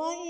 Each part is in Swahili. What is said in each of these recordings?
boy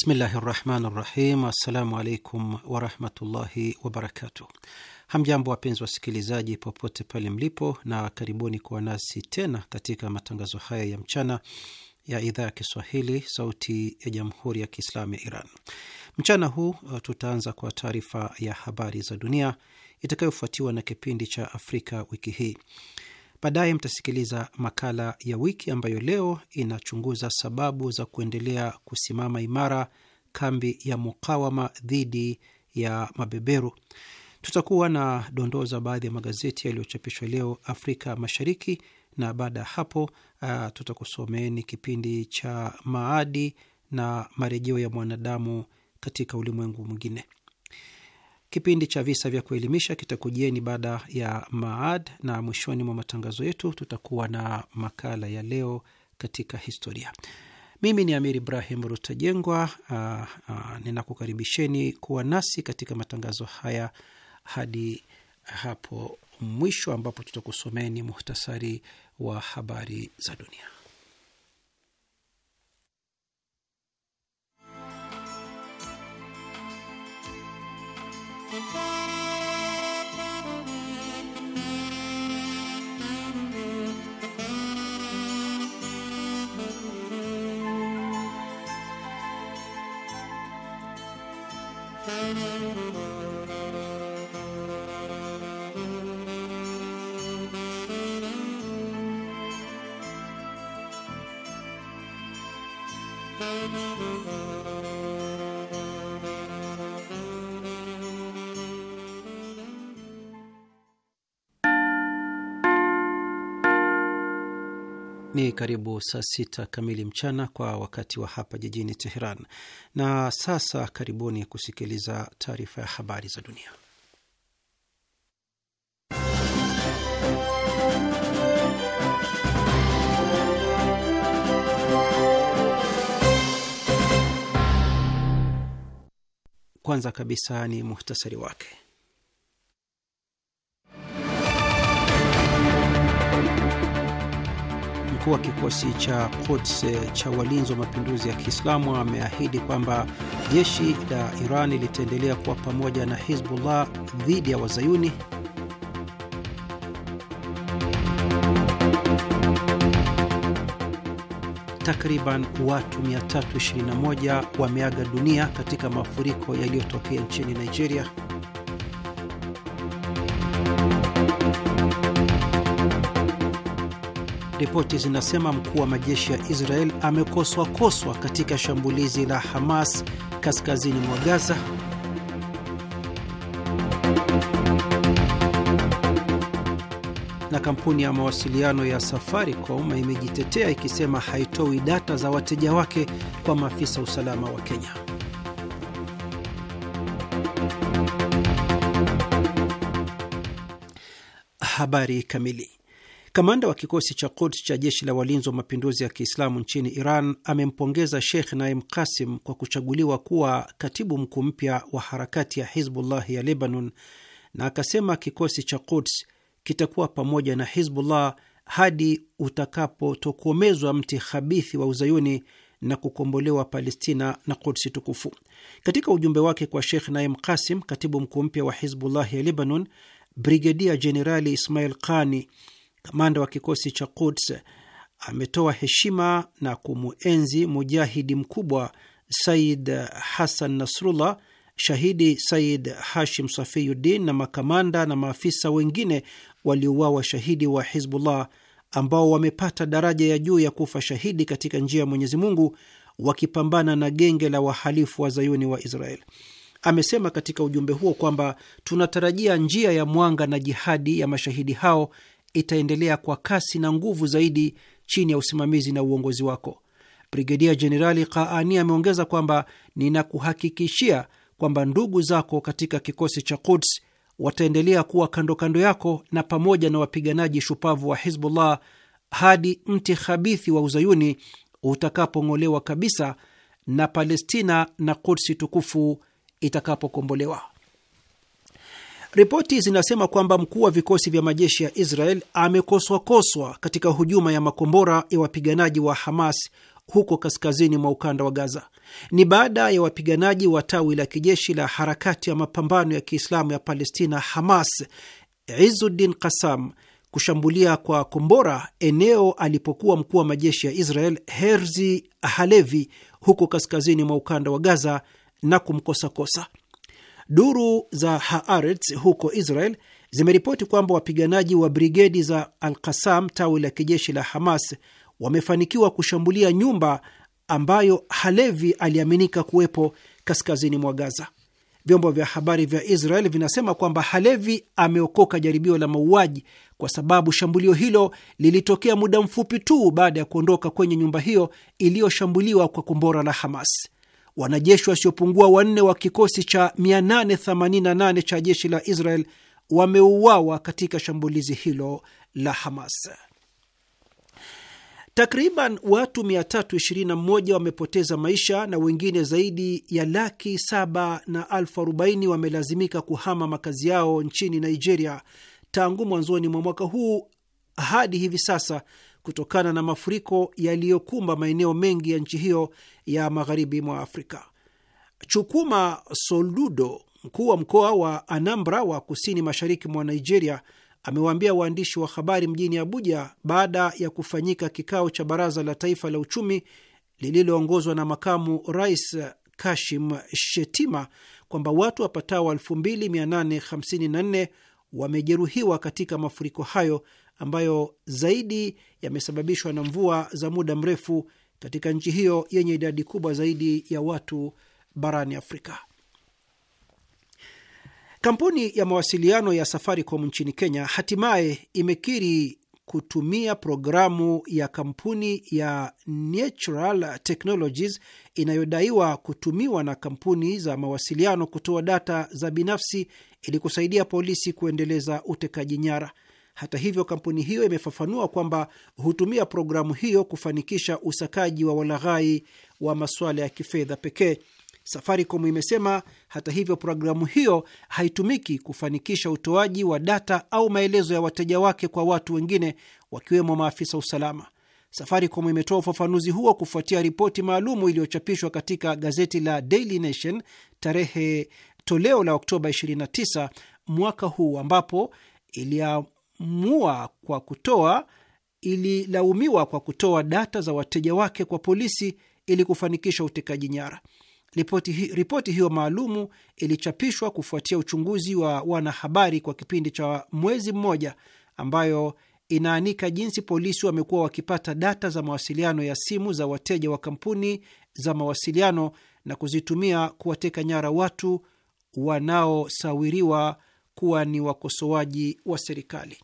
Bismillahi rahmani rahim. Assalamu alaikum warahmatullahi wabarakatuh. Hamjambo wapenzi wasikilizaji, popote pale mlipo, na karibuni kuwa nasi tena katika matangazo haya ya mchana ya idhaa ya Kiswahili, Sauti ya Jamhuri ya Kiislamu ya Iran. Mchana huu uh, tutaanza kwa taarifa ya habari za dunia itakayofuatiwa na kipindi cha Afrika wiki hii. Baadaye mtasikiliza makala ya wiki ambayo leo inachunguza sababu za kuendelea kusimama imara kambi ya mukawama dhidi ya mabeberu. Tutakuwa na dondoo za baadhi ya magazeti yaliyochapishwa leo Afrika Mashariki, na baada ya hapo uh, tutakusomeeni kipindi cha maadi na marejeo ya mwanadamu katika ulimwengu mwingine. Kipindi cha visa vya kuelimisha kitakujieni baada ya maad, na mwishoni mwa matangazo yetu tutakuwa na makala ya leo katika historia. Mimi ni Amir Ibrahim Rutajengwa, ah, ah, ninakukaribisheni kuwa nasi katika matangazo haya hadi hapo mwisho, ambapo tutakusomeni muhtasari wa habari za dunia. Ni karibu saa sita kamili mchana kwa wakati wa hapa jijini Teheran. Na sasa karibuni kusikiliza taarifa ya habari za dunia. Kwanza kabisa ni muhtasari wake. Mkuu wa kikosi cha Quds eh, cha walinzi wa mapinduzi ya Kiislamu ameahidi kwamba jeshi la iran litaendelea kuwa pamoja na Hizbullah dhidi ya Wazayuni. takriban watu 321 wameaga dunia katika mafuriko yaliyotokea nchini Nigeria. Ripoti zinasema mkuu wa majeshi ya Israel amekoswa koswa katika shambulizi la Hamas kaskazini mwa Gaza. kampuni ya mawasiliano ya Safaricom imejitetea ikisema haitoi data za wateja wake kwa maafisa usalama wa Kenya. Habari kamili. Kamanda wa kikosi cha Quds cha jeshi la walinzi wa mapinduzi ya Kiislamu nchini Iran amempongeza Sheikh Naim Kasim kwa kuchaguliwa kuwa katibu mkuu mpya wa harakati ya Hizbullahi ya Lebanon, na akasema kikosi cha Quds kitakuwa pamoja na Hizbullah hadi utakapotokomezwa mti khabithi wa uzayuni na kukombolewa Palestina na Kudsi tukufu. Katika ujumbe wake kwa Sheikh Naim Qasim, katibu mkuu mpya wa Hizbullah ya Lebanon, Brigedia Jenerali Ismail Kani, kamanda wa kikosi cha Kuds, ametoa heshima na kumuenzi mujahidi mkubwa Said Hassan Nasrullah, shahidi Said Hashim Safiyuddin na makamanda na maafisa wengine waliouawa shahidi wa Hizbullah ambao wamepata daraja ya juu ya kufa shahidi katika njia ya Mwenyezi Mungu wakipambana na genge la wahalifu wa zayuni wa Israel. Amesema katika ujumbe huo kwamba tunatarajia njia ya mwanga na jihadi ya mashahidi hao itaendelea kwa kasi na nguvu zaidi chini ya usimamizi na uongozi wako. Brigedia Jenerali Kaani ameongeza kwamba ninakuhakikishia kwamba ndugu zako katika kikosi cha Quds wataendelea kuwa kando kando yako na pamoja na wapiganaji shupavu wa Hizbullah hadi mti khabithi wa uzayuni utakapong'olewa kabisa na Palestina na Kudsi tukufu itakapokombolewa. Ripoti zinasema kwamba mkuu wa vikosi vya majeshi ya Israel amekoswakoswa katika hujuma ya makombora ya wapiganaji wa Hamas huko kaskazini mwa ukanda wa Gaza. Ni baada ya wapiganaji wa tawi la kijeshi la harakati ya mapambano ya Kiislamu ya Palestina, Hamas, Izuddin Kasam kushambulia kwa kombora eneo alipokuwa mkuu wa majeshi ya Israel Herzi Halevi huko kaskazini mwa ukanda wa Gaza na kumkosakosa. Duru za Haaretz huko Israel zimeripoti kwamba wapiganaji wa brigedi za Al Kasam, tawi la kijeshi la Hamas, wamefanikiwa kushambulia nyumba ambayo Halevi aliaminika kuwepo kaskazini mwa Gaza. Vyombo vya habari vya Israel vinasema kwamba Halevi ameokoka jaribio la mauaji kwa sababu shambulio hilo lilitokea muda mfupi tu baada ya kuondoka kwenye nyumba hiyo iliyoshambuliwa kwa kombora la Hamas. Wanajeshi wasiopungua wanne wa kikosi cha 888 cha jeshi la Israel wameuawa katika shambulizi hilo la Hamas. Takriban watu 321 wamepoteza maisha na wengine zaidi ya laki 7 na elfu wamelazimika kuhama makazi yao nchini Nigeria tangu mwanzoni mwa mwaka huu hadi hivi sasa kutokana na mafuriko yaliyokumba maeneo mengi ya nchi hiyo ya magharibi mwa Afrika. Chukuma Soludo, mkuu wa mkoa wa Anambra wa kusini mashariki mwa Nigeria, amewaambia waandishi wa habari mjini Abuja baada ya kufanyika kikao cha Baraza la Taifa la Uchumi lililoongozwa na makamu rais Kashim Shetima kwamba watu wapatao 2854 wamejeruhiwa katika mafuriko hayo ambayo zaidi yamesababishwa na mvua za muda mrefu katika nchi hiyo yenye idadi kubwa zaidi ya watu barani Afrika. Kampuni ya mawasiliano ya Safaricom nchini Kenya hatimaye imekiri kutumia programu ya kampuni ya Natural Technologies inayodaiwa kutumiwa na kampuni za mawasiliano kutoa data za binafsi ili kusaidia polisi kuendeleza utekaji nyara. Hata hivyo, kampuni hiyo imefafanua kwamba hutumia programu hiyo kufanikisha usakaji wa walaghai wa masuala ya kifedha pekee. Safaricom imesema hata hivyo, programu hiyo haitumiki kufanikisha utoaji wa data au maelezo ya wateja wake kwa watu wengine, wakiwemo maafisa usalama. Safaricom imetoa ufafanuzi huo kufuatia ripoti maalumu iliyochapishwa katika gazeti la Daily Nation tarehe toleo la Oktoba 29 mwaka huu, ambapo iliamua kwa kutoa ililaumiwa kwa kutoa data za wateja wake kwa polisi ili kufanikisha utekaji nyara. Ripoti hi, hiyo maalumu ilichapishwa kufuatia uchunguzi wa wanahabari kwa kipindi cha mwezi mmoja, ambayo inaanika jinsi polisi wamekuwa wakipata data za mawasiliano ya simu za wateja wa kampuni za mawasiliano na kuzitumia kuwateka nyara watu wanaosawiriwa kuwa ni wakosoaji wa serikali.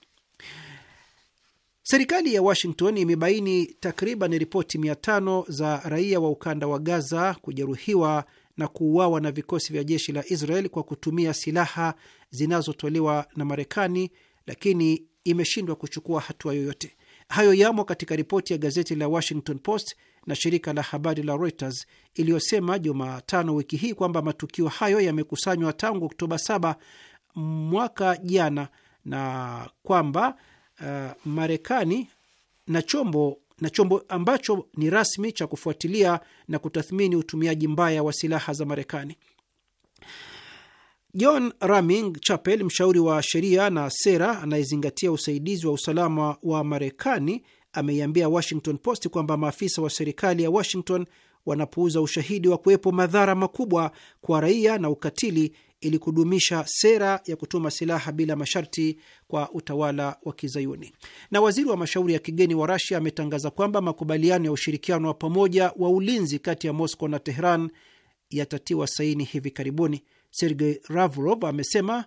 Serikali ya Washington imebaini takriban ripoti 5 za raia wa ukanda wa Gaza kujeruhiwa na kuuawa na vikosi vya jeshi la Israel kwa kutumia silaha zinazotolewa na Marekani, lakini imeshindwa kuchukua hatua yoyote. Hayo yamo katika ripoti ya gazeti la Washington Post na shirika la habari la Reuters iliyosema Jumatano wiki hii kwamba matukio hayo yamekusanywa tangu Oktoba 7 mwaka jana na kwamba uh, Marekani na chombo na chombo ambacho ni rasmi cha kufuatilia na kutathmini utumiaji mbaya wa silaha za Marekani. John Raming Chapel, mshauri wa sheria na sera anayezingatia usaidizi wa usalama wa Marekani, ameiambia Washington Post kwamba maafisa wa serikali ya Washington wanapuuza ushahidi wa kuwepo madhara makubwa kwa raia na ukatili ili kudumisha sera ya kutuma silaha bila masharti kwa utawala wa Kizayuni. Na waziri wa mashauri ya kigeni wa Rasia ametangaza kwamba makubaliano ya ushirikiano wa pamoja wa ulinzi kati ya Moscow na Tehran yatatiwa saini hivi karibuni. Sergei Lavrov amesema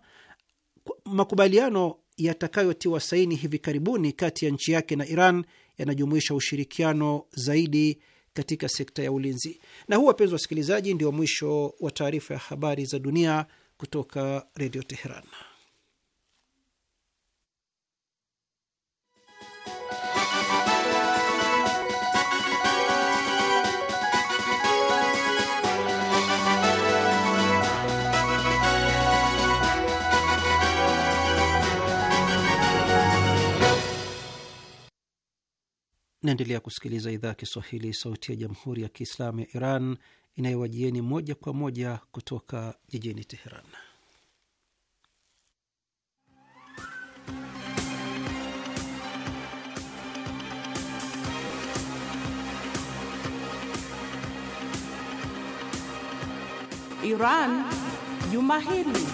makubaliano yatakayotiwa saini hivi karibuni kati ya nchi yake na Iran yanajumuisha ushirikiano zaidi katika sekta ya ulinzi. Na huu, wapenzi wasikilizaji, ndio mwisho wa taarifa ya habari za dunia kutoka Redio Teheran. Naendelea kusikiliza idhaa ya Kiswahili, sauti ya jamhuri ya kiislamu ya Iran inayowajieni moja kwa moja kutoka jijini Teheran. Iran Juma hili.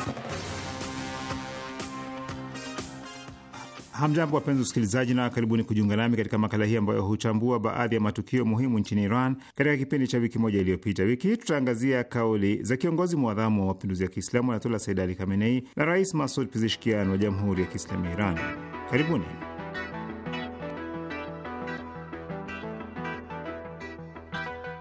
Hamjambo, wapenzi usikilizaji, na karibuni kujiunga nami katika makala hii ambayo huchambua baadhi ya matukio muhimu nchini Iran katika kipindi cha wiki moja iliyopita. Wiki hii tutaangazia kauli za kiongozi mwadhamu wa mapinduzi ya Kiislamu Ayatullah saidali Ali Khamenei na Rais Masud Pizishkian wa Jamhuri ya Kiislamu ya Iran. Karibuni.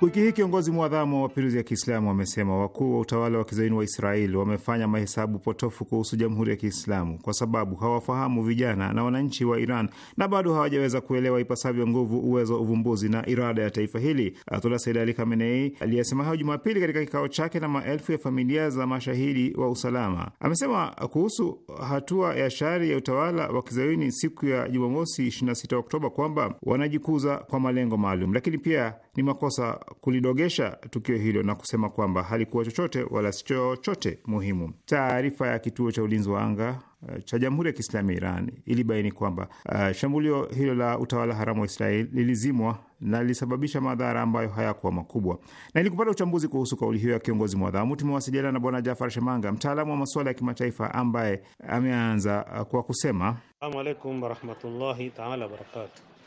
Wiki hii kiongozi mwadhamu wa mapinduzi ya Kiislamu wamesema wakuu wa utawala wa kizaini wa Israeli wamefanya mahesabu potofu kuhusu jamhuri ya Kiislamu kwa sababu hawafahamu vijana na wananchi wa Iran na bado hawajaweza kuelewa ipasavyo nguvu, uwezo, uvumbuzi na irada ya taifa hili. Atula Said Ali Khamenei aliyesema hayo Jumapili katika kikao chake na maelfu ya familia za mashahidi wa usalama, amesema kuhusu hatua ya shari ya utawala wa kizaini siku ya Jumamosi 26 Oktoba kwamba wanajikuza kwa malengo maalum, lakini pia ni makosa kulidogesha tukio hilo na kusema kwamba halikuwa chochote wala si chochote muhimu. Taarifa ya kituo cha ulinzi wa anga eh, cha Jamhuri ya kiislami ya Iran ilibaini kwamba uh, shambulio hilo la utawala haramu wa Israeli lilizimwa na lilisababisha madhara ambayo hayakuwa makubwa. Na ili kupata uchambuzi kuhusu kauli hiyo ya kiongozi mwadhamu, tumewasiliana na Bwana Jafar Shemanga, mtaalamu wa masuala ya kimataifa, ambaye ameanza eh, kwa kusema, assalamu alaikum warahmatullahi taala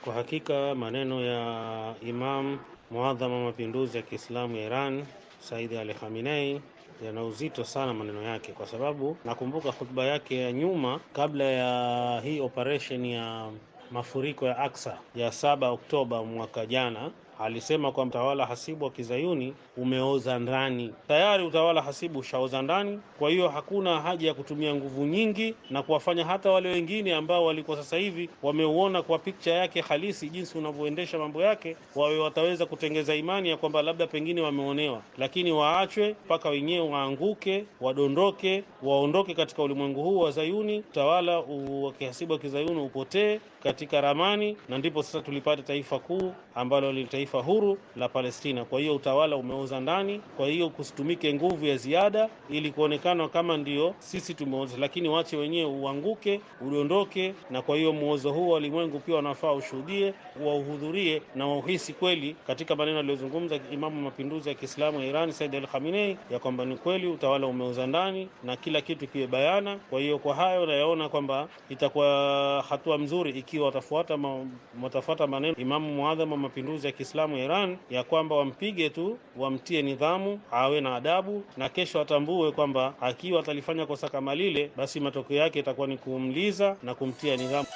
kwa hakika maneno ya Imam Muadhama wa Mapinduzi ya Kiislamu ya Iran Saidi Ali Khamenei yana uzito sana maneno yake, kwa sababu nakumbuka hotuba yake ya nyuma kabla ya hii operation ya mafuriko ya Aksa ya 7 Oktoba mwaka jana, alisema kwamba utawala hasibu wa kizayuni umeoza ndani tayari. Utawala hasibu ushaoza ndani, kwa hiyo hakuna haja ya kutumia nguvu nyingi na kuwafanya hata wale wengine ambao walikuwa sasa hivi wameuona kwa picha yake halisi jinsi unavyoendesha mambo yake, wawe wataweza kutengeza imani ya kwamba labda pengine wameonewa, lakini waachwe mpaka wenyewe waanguke, wadondoke, waondoke katika ulimwengu huu wa zayuni, utawala wa kihasibu wa kizayuni upotee katika ramani, na ndipo sasa tulipata taifa kuu ambalo lilitaifa taifa huru la Palestina. Kwa hiyo utawala umeoza ndani, kwa hiyo kusitumike nguvu ya ziada ili kuonekana kama ndio sisi tumeoza, lakini wache wenyewe uanguke, udondoke. Na kwa hiyo muozo huu wa ulimwengu pia wanafaa ushuhudie wauhudhurie na wauhisi kweli katika maneno aliyozungumza Imamu mapinduzi ya Kiislamu ya Iran Said al Khamenei, ya kwamba ni kweli utawala umeuza ndani na kila kitu kiwe bayana. Kwa hiyo kwa hayo nayaona kwamba itakuwa hatua mzuri ikiwa watafuata ma, watafuata maneno Imamu mwadhamu wa mapinduzi ya Kiislamu ya Iran ya kwamba wampige tu, wamtie nidhamu, awe na adabu, na kesho atambue kwamba akiwa atalifanya kosa kama lile, basi matokeo yake itakuwa ni kumliza na kumtia nidhamu.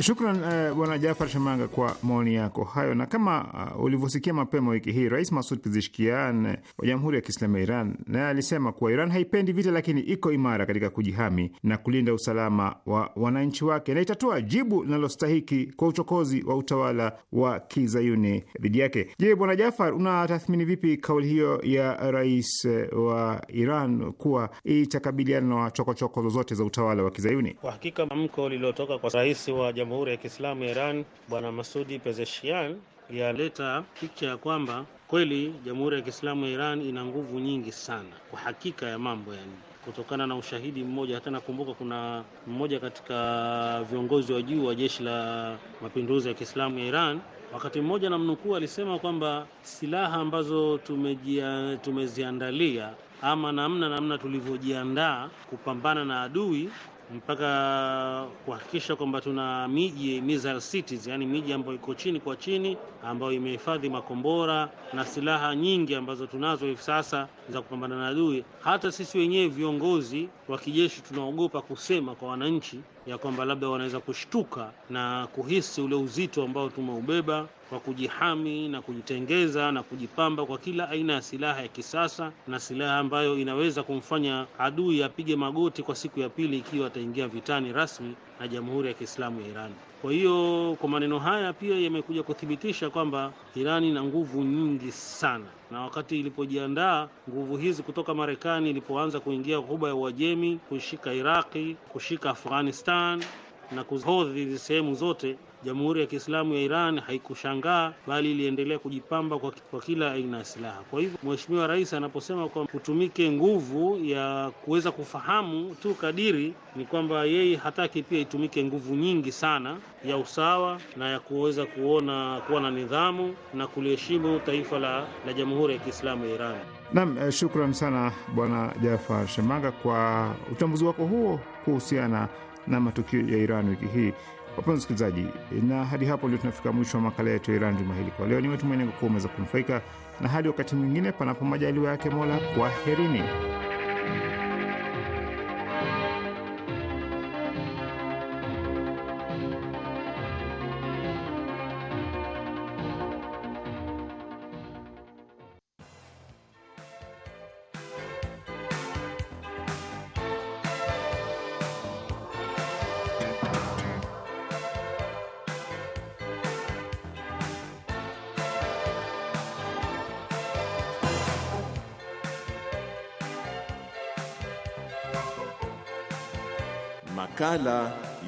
Shukran uh, bwana Jafar Shamanga kwa maoni yako hayo. Na kama uh, ulivyosikia mapema wiki hii, rais Masud kizishkian wa Jamhuri ya Kiislamu ya Iran naye alisema kuwa Iran haipendi vita, lakini iko imara katika kujihami na kulinda usalama wa wananchi wake na itatoa jibu linalostahiki kwa uchokozi wa utawala wa kizayuni dhidi yake. Je, bwana Jafar, unatathmini vipi kauli hiyo ya rais eh, wa Iran kuwa itakabiliana na chokochoko zozote za utawala wa kizayuni? Kwa hakika, lililotoka kwa rais wa Jamhuri ya Kiislamu ya Iran Bwana Masudi Pezeshian yaleta picha ya kwamba kweli Jamhuri ya Kiislamu ya Iran ina nguvu nyingi sana kwa hakika ya mambo yani kutokana na ushahidi mmoja. Hata nakumbuka kuna mmoja katika viongozi wa juu wa jeshi la mapinduzi ya Kiislamu ya Iran wakati mmoja na mnukuu alisema kwamba silaha ambazo tumejia, tumeziandalia ama namna namna tulivyojiandaa kupambana na adui mpaka kuhakikisha kwamba tuna miji missile cities, yani miji ambayo iko chini kwa chini ambayo imehifadhi makombora na silaha nyingi ambazo tunazo hivi sasa za kupambana na adui. Hata sisi wenyewe viongozi wa kijeshi tunaogopa kusema kwa wananchi ya kwamba labda wanaweza kushtuka na kuhisi ule uzito ambao tumeubeba kwa kujihami na kujitengeza na kujipamba kwa kila aina ya silaha ya kisasa na silaha ambayo inaweza kumfanya adui apige magoti kwa siku ya pili ikiwa ataingia vitani rasmi na Jamhuri ya Kiislamu ya Iran. Kwa hiyo kwa maneno haya pia yamekuja kuthibitisha kwamba Irani ina nguvu nyingi sana, na wakati ilipojiandaa nguvu hizi kutoka Marekani ilipoanza kuingia ghuba ya Uajemi, kushika Iraki, kushika Afghanistan na kuhodhi sehemu zote Jamhuri ya Kiislamu ya Iran haikushangaa bali iliendelea kujipamba kwa, kwa kila aina ya silaha. Kwa hivyo Mheshimiwa Rais anaposema kwamba kutumike nguvu ya kuweza kufahamu tu kadiri, ni kwamba yeye hataki pia itumike nguvu nyingi sana ya usawa na ya kuweza kuona kuwa na nidhamu na kuliheshimu taifa la, la Jamhuri ya Kiislamu ya Iran. Naam, eh, shukran sana Bwana Jafar Shemanga kwa uchambuzi wako huo kuhusiana na matukio ya Iran wiki hii. Wapenzi msikilizaji, na hadi hapo ndio tunafika mwisho wa makala yetu ya Iran juma hili kwa leo. Ni matumaini kuwa umeweza kunufaika, na hadi wakati mwingine, panapo majaliwa yake Mola, kwaherini.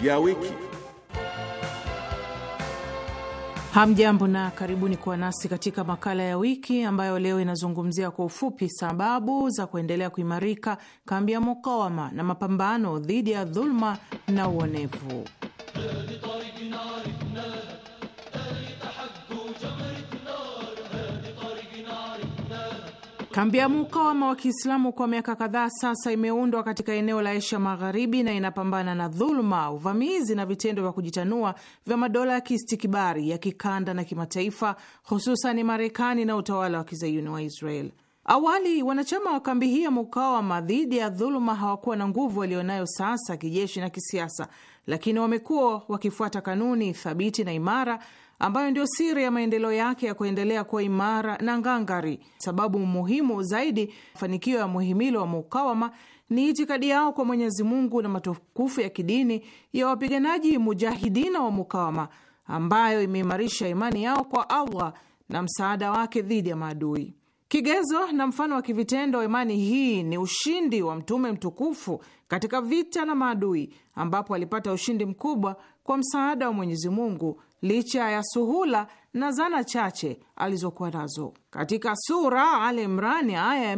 ya wiki. Hamjambo na karibuni kuwa nasi katika makala ya wiki ambayo leo inazungumzia kwa ufupi sababu za kuendelea kuimarika kambi ya mukawama na mapambano dhidi ya dhuluma na uonevu. Kambi ya mukawama wa Kiislamu kwa miaka kadhaa sasa imeundwa katika eneo la Asia Magharibi na inapambana na dhuluma, uvamizi na vitendo vya kujitanua vya madola ya kiistikibari ya kikanda na kimataifa, hususan Marekani na utawala wa kizayuni wa Israel. Awali wanachama wa kambi hii ya mukawama dhidi ya dhuluma hawakuwa na nguvu walionayo sasa kijeshi na kisiasa, lakini wamekuwa wakifuata kanuni thabiti na imara ambayo ndio siri ya maendeleo yake ya kuendelea kuwa imara na ngangari. Sababu muhimu zaidi mafanikio ya muhimili wa mukawama ni itikadi yao kwa Mwenyezi Mungu na matukufu ya kidini ya wapiganaji mujahidina wa mukawama ambayo imeimarisha imani yao kwa Allah na msaada wake dhidi ya maadui. Kigezo na mfano wa kivitendo wa imani hii ni ushindi wa Mtume mtukufu katika vita na maadui, ambapo alipata ushindi mkubwa kwa msaada wa Mwenyezi Mungu licha ya suhula na zana chache alizokuwa nazo. Katika sura Al Imrani aya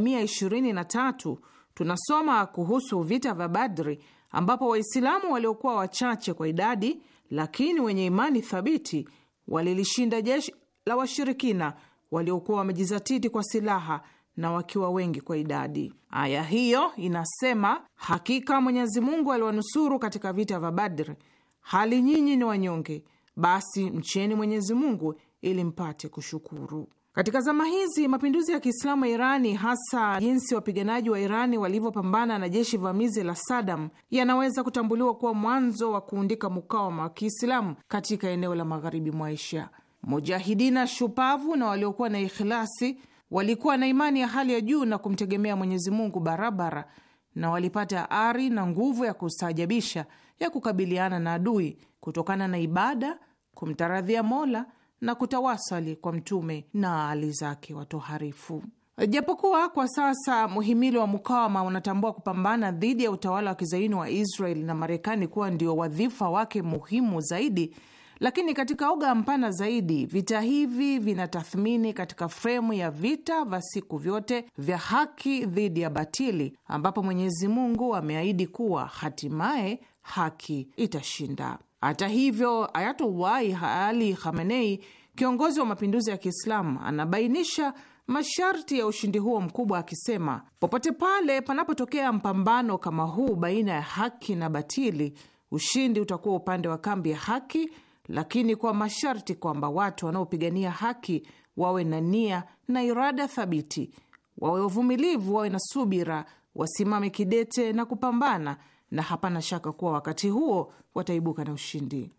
ya tatu tunasoma kuhusu vita vya Badri ambapo Waislamu waliokuwa wachache kwa idadi lakini wenye imani thabiti walilishinda jeshi la washirikina waliokuwa wamejizatiti kwa silaha na wakiwa wengi kwa idadi. Aya hiyo inasema, hakika Mwenyezi Mungu aliwanusuru katika vita vya Badri, hali nyinyi ni wanyonge basi mcheni Mwenyezi Mungu ili mpate kushukuru. Katika zama hizi mapinduzi ya Kiislamu ya Irani, hasa jinsi wapiganaji wa Irani walivyopambana na jeshi vamizi la Sadam, yanaweza kutambuliwa kuwa mwanzo wa kuundika mukawama wa Kiislamu katika eneo la magharibi mwa Asia. Mujahidina shupavu na waliokuwa na ikhilasi walikuwa na imani ya hali ya juu na kumtegemea Mwenyezi Mungu barabara, na walipata ari na nguvu ya kustaajabisha ya kukabiliana na adui kutokana na ibada, kumtaradhia Mola na kutawasali kwa Mtume na ali zake watoharifu. Japokuwa kwa sasa muhimili wa mukawama unatambua kupambana dhidi ya utawala wa kizaini wa israel na Marekani kuwa ndio wadhifa wake muhimu zaidi, lakini katika uga mpana zaidi, vita hivi vinatathmini katika fremu ya vita vya siku vyote vya haki dhidi ya batili, ambapo Mwenyezi Mungu ameahidi kuwa hatimaye haki itashinda. Hata hivyo, Ayatullah Ali Khamenei, kiongozi wa mapinduzi ya Kiislamu, anabainisha masharti ya ushindi huo mkubwa akisema, popote pale panapotokea mpambano kama huu baina ya haki na batili, ushindi utakuwa upande wa kambi ya haki, lakini kwa masharti kwamba watu wanaopigania haki wawe na nia na irada thabiti, wawe wavumilivu, wawe na subira, wasimame kidete na kupambana na hapana shaka kuwa wakati huo wataibuka na ushindi.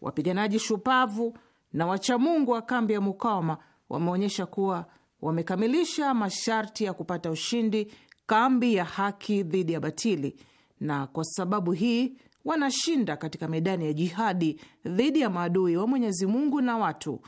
Wapiganaji shupavu na wachamungu wa kambi ya mukawama wameonyesha kuwa wamekamilisha masharti ya kupata ushindi kambi ya haki dhidi ya batili, na kwa sababu hii wanashinda katika medani ya jihadi dhidi ya maadui wa Mwenyezi Mungu na watu.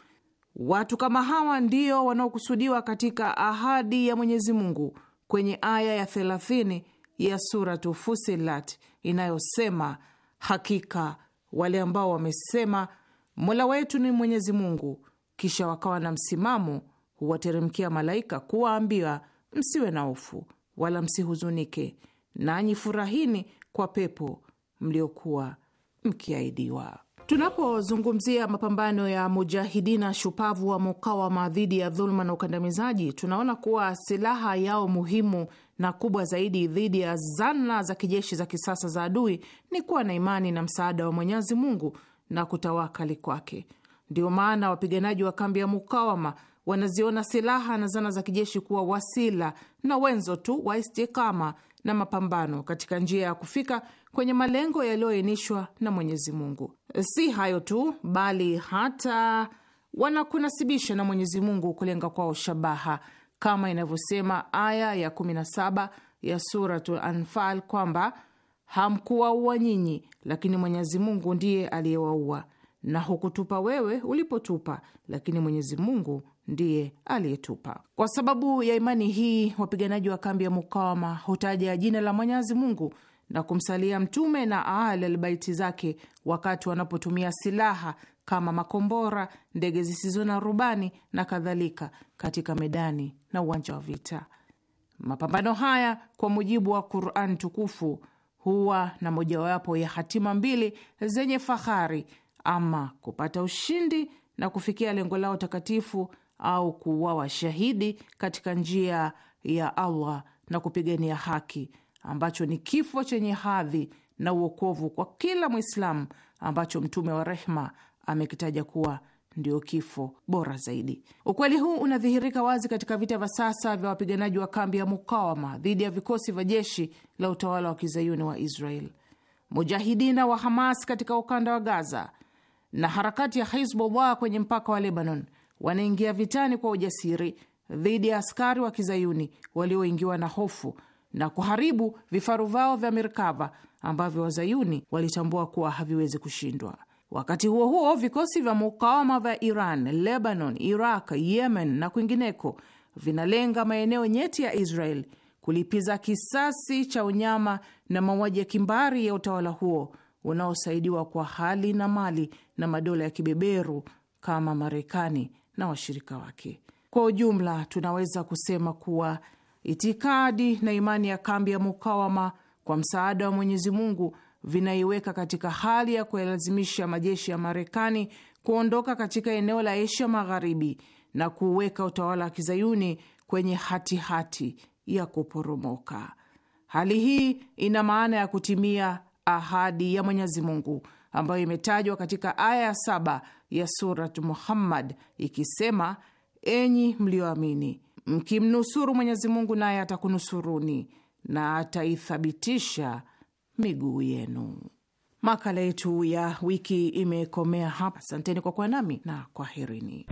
Watu kama hawa ndio wanaokusudiwa katika ahadi ya Mwenyezi Mungu kwenye aya ya thelathini ya Suratu Fusilat inayosema, hakika wale ambao wamesema mola wetu ni Mwenyezi Mungu, kisha wakawa na msimamo, huwateremkia malaika kuwaambia, msiwe na hofu wala msihuzunike, nanyi furahini kwa pepo mliokuwa mkiahidiwa. Tunapozungumzia mapambano ya mujahidina shupavu wa mukawama dhidi ya dhuluma na ukandamizaji, tunaona kuwa silaha yao muhimu na kubwa zaidi dhidi ya zana za kijeshi za kisasa za adui ni kuwa na imani na msaada wa Mwenyezi Mungu na kutawakali kwake. ndio maana wapiganaji wa kambi ya mukawama wanaziona silaha na zana za kijeshi kuwa wasila na wenzo tu wa istikama na mapambano katika njia ya kufika kwenye malengo yaliyoainishwa na Mwenyezi Mungu. Si hayo tu, bali hata wanakunasibisha na Mwenyezi Mungu kulenga kwao shabaha, kama inavyosema aya ya 17 ya Suratu Anfal kwamba hamkuwaua nyinyi, lakini Mwenyezi Mungu ndiye aliyewaua, na hukutupa wewe ulipotupa, lakini Mwenyezi Mungu ndiye aliyetupa. Kwa sababu ya imani hii, wapiganaji wa kambi ya mukawama hutaja jina la Mwenyezi Mungu na kumsalia Mtume na Aal Albaiti zake wakati wanapotumia silaha kama makombora, ndege zisizo na rubani na kadhalika katika medani na uwanja wa vita. Mapambano haya kwa mujibu wa Quran tukufu huwa na mojawapo ya hatima mbili zenye fahari, ama kupata ushindi na kufikia lengo lao takatifu, au kuuawa shahidi katika njia ya Allah na kupigania haki ambacho ni kifo chenye hadhi na uokovu kwa kila Mwislamu, ambacho mtume wa rehma amekitaja kuwa ndio kifo bora zaidi. Ukweli huu unadhihirika wazi katika vita vya sasa vya wapiganaji wa kambi ya mukawama dhidi ya vikosi vya jeshi la utawala wa kizayuni wa Israel, mujahidina wa Hamas katika ukanda wa Gaza na harakati ya Hizbullah kwenye mpaka wa Lebanon wanaingia vitani kwa ujasiri dhidi ya askari wa kizayuni walioingiwa na hofu na kuharibu vifaru vao vya Merkava ambavyo wazayuni walitambua kuwa haviwezi kushindwa. Wakati huo huo, vikosi vya mukawama vya Iran, Lebanon, Iraq, Yemen na kwingineko vinalenga maeneo nyeti ya Israel kulipiza kisasi cha unyama na mauaji ya kimbari ya utawala huo unaosaidiwa kwa hali na mali na madola ya kibeberu kama Marekani na washirika wake. Kwa ujumla, tunaweza kusema kuwa itikadi na imani ya kambi ya mukawama kwa msaada wa Mwenyezi Mungu vinaiweka katika hali ya kuyalazimisha majeshi ya Marekani kuondoka katika eneo la Asia Magharibi na kuweka utawala wa kizayuni kwenye hatihati hati ya kuporomoka. Hali hii ina maana ya kutimia ahadi ya Mwenyezi Mungu ambayo imetajwa katika aya ya saba ya Surat Muhammad ikisema, enyi mlioamini Mkimnusuru Mwenyezi Mungu naye atakunusuruni na ataithabitisha miguu yenu. Makala yetu ya wiki imekomea hapa. Asanteni kwa kuwa nami na kwaherini.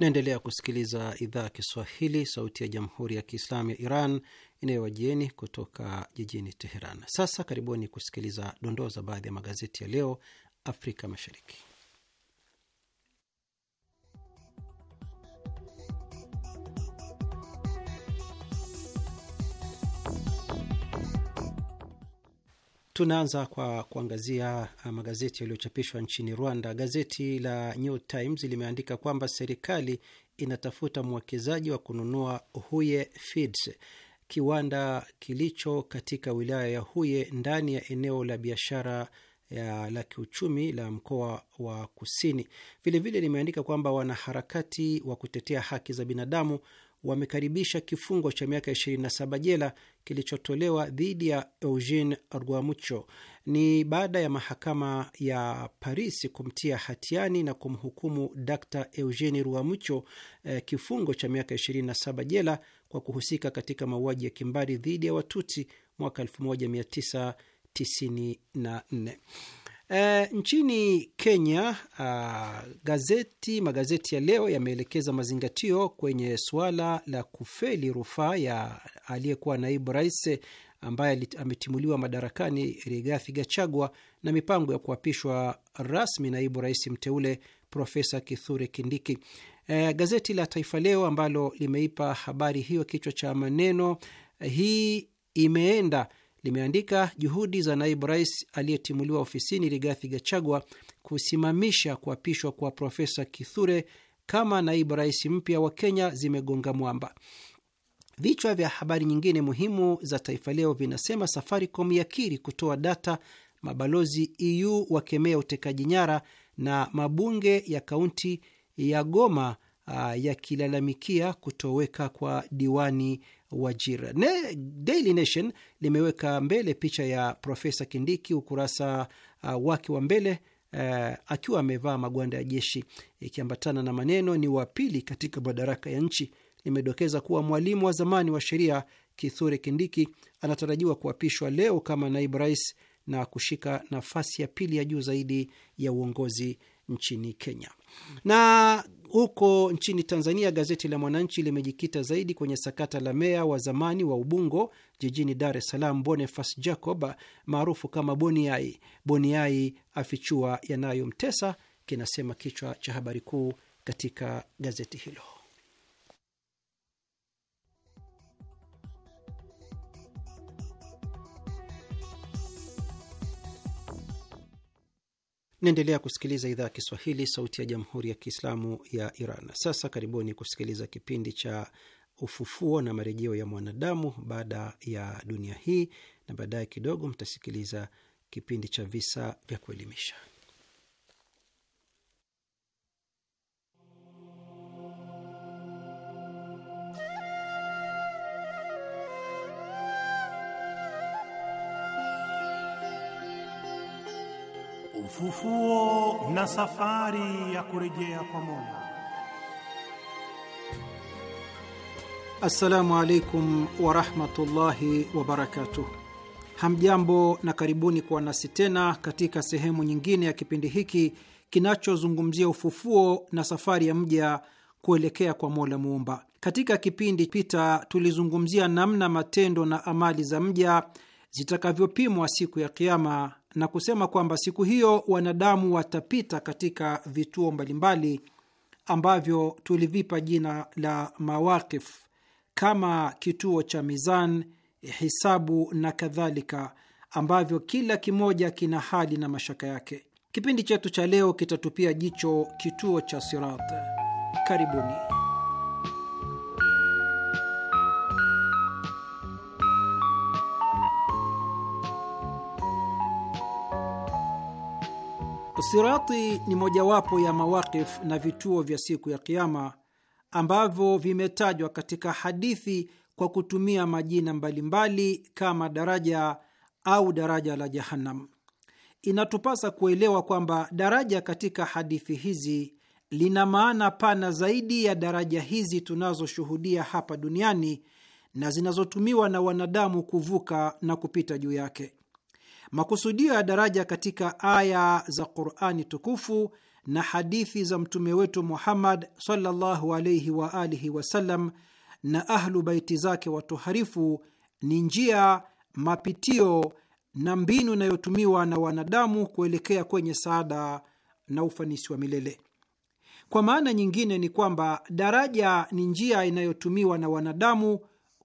Naendelea kusikiliza idhaa ya Kiswahili, sauti ya jamhuri ya kiislamu ya Iran inayowajieni kutoka jijini Teheran. Sasa karibuni kusikiliza dondoo za baadhi ya magazeti ya leo Afrika Mashariki. Tunaanza kwa kuangazia uh, magazeti yaliyochapishwa nchini Rwanda. Gazeti la New Times limeandika kwamba serikali inatafuta mwekezaji wa kununua Huye Feeds, kiwanda kilicho katika wilaya ya Huye ndani ya eneo la biashara la kiuchumi la mkoa wa Kusini. Vilevile limeandika kwamba wanaharakati wa kutetea haki za binadamu wamekaribisha kifungo cha miaka 27 jela kilichotolewa dhidi ya Eugene Rwamucho. Ni baada ya mahakama ya Paris kumtia hatiani na kumhukumu Dr Eugene Rwamucho eh, kifungo cha miaka 27 jela kwa kuhusika katika mauaji ya kimbari dhidi ya Watuti mwaka 1994. E, nchini Kenya a, ah, gazeti magazeti ya leo yameelekeza mazingatio kwenye suala la kufeli rufaa ya aliyekuwa naibu rais ambaye ametimuliwa madarakani Rigathi Gachagua na mipango ya kuapishwa rasmi naibu rais mteule Profesa Kithure Kindiki. E, gazeti la Taifa Leo ambalo limeipa habari hiyo kichwa cha maneno hii imeenda limeandika juhudi za naibu rais aliyetimuliwa ofisini Rigathi Gachagua kusimamisha kuapishwa kwa Profesa Kithure kama naibu rais mpya wa Kenya zimegonga mwamba. Vichwa vya habari nyingine muhimu za Taifa Leo vinasema Safaricom yakiri kutoa data, mabalozi EU wakemea utekaji nyara, na mabunge ya kaunti ya Goma uh, yakilalamikia kutoweka kwa diwani Wajir. Ne, Daily Nation limeweka mbele picha ya Profesa Kindiki ukurasa uh, wake wa mbele uh, akiwa amevaa magwanda ya jeshi ikiambatana na maneno ni wa pili katika madaraka ya nchi. Limedokeza kuwa mwalimu wa zamani wa sheria Kithure Kindiki anatarajiwa kuapishwa leo kama naibu rais na kushika nafasi ya pili ya juu zaidi ya uongozi nchini Kenya. Na huko nchini Tanzania, gazeti la Mwananchi limejikita zaidi kwenye sakata la meya wa zamani wa Ubungo jijini Dar es Salaam, Boniface Jacob maarufu kama Boniai. Boniai afichua yanayomtesa, kinasema kichwa cha habari kuu katika gazeti hilo. Naendelea kusikiliza idhaa ya Kiswahili, sauti ya jamhuri ya kiislamu ya Iran. Sasa karibuni kusikiliza kipindi cha Ufufuo na marejeo ya mwanadamu baada ya dunia hii, na baadaye kidogo mtasikiliza kipindi cha visa vya kuelimisha. ufufuo na safari ya kurejea kwa Mola. Assalamu alaikum warahmatullahi wabarakatuh. Hamjambo na karibuni kwa nasi tena katika sehemu nyingine ya kipindi hiki kinachozungumzia ufufuo na safari ya mja kuelekea kwa Mola Muumba. Katika kipindi pita tulizungumzia namna matendo na amali za mja zitakavyopimwa siku ya Kiama na kusema kwamba siku hiyo wanadamu watapita katika vituo mbalimbali ambavyo tulivipa jina la mawakif kama kituo cha mizan, hisabu na kadhalika, ambavyo kila kimoja kina hali na mashaka yake. Kipindi chetu cha leo kitatupia jicho kituo cha Sirat. Karibuni. Sirati ni mojawapo ya mawakif na vituo vya siku ya Kiama ambavyo vimetajwa katika hadithi kwa kutumia majina mbalimbali kama daraja au daraja la Jahannam. Inatupasa kuelewa kwamba daraja katika hadithi hizi lina maana pana zaidi ya daraja hizi tunazoshuhudia hapa duniani na zinazotumiwa na wanadamu kuvuka na kupita juu yake. Makusudio ya daraja katika aya za Qurani tukufu na hadithi za mtume wetu Muhammad sallallahu alaihi wa alihi wasallam na ahlu baiti zake watoharifu ni njia, mapitio na mbinu inayotumiwa na wanadamu kuelekea kwenye saada na ufanisi wa milele. Kwa maana nyingine ni kwamba daraja ni njia inayotumiwa na wanadamu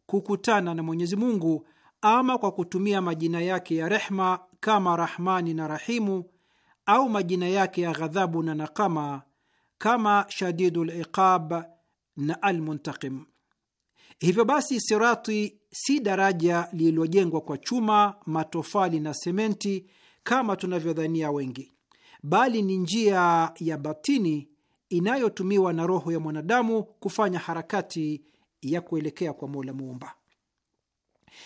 kukutana na Mwenyezi Mungu ama kwa kutumia majina yake ya rehma kama Rahmani na Rahimu, au majina yake ya ghadhabu na nakama kama Shadidul Iqab na Almuntakim. Hivyo basi, sirati si daraja lililojengwa kwa chuma, matofali na sementi kama tunavyodhania wengi, bali ni njia ya batini inayotumiwa na roho ya mwanadamu kufanya harakati ya kuelekea kwa Mola Muumba.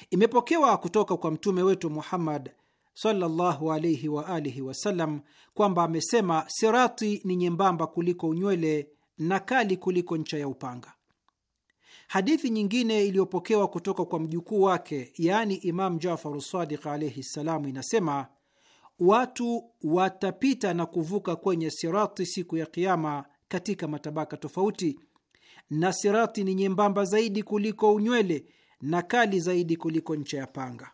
Imepokewa kutoka kwa mtume wetu Muhammad sallallahu alayhi wa alihi wasallam kwamba amesema, sirati ni nyembamba kuliko unywele na kali kuliko ncha ya upanga. Hadithi nyingine iliyopokewa kutoka kwa mjukuu wake, yaani Imam Jafaru Sadiq alaihi ssalam, inasema watu watapita na kuvuka kwenye sirati siku ya Kiama katika matabaka tofauti, na sirati ni nyembamba zaidi kuliko unywele na kali zaidi kuliko ncha ya panga.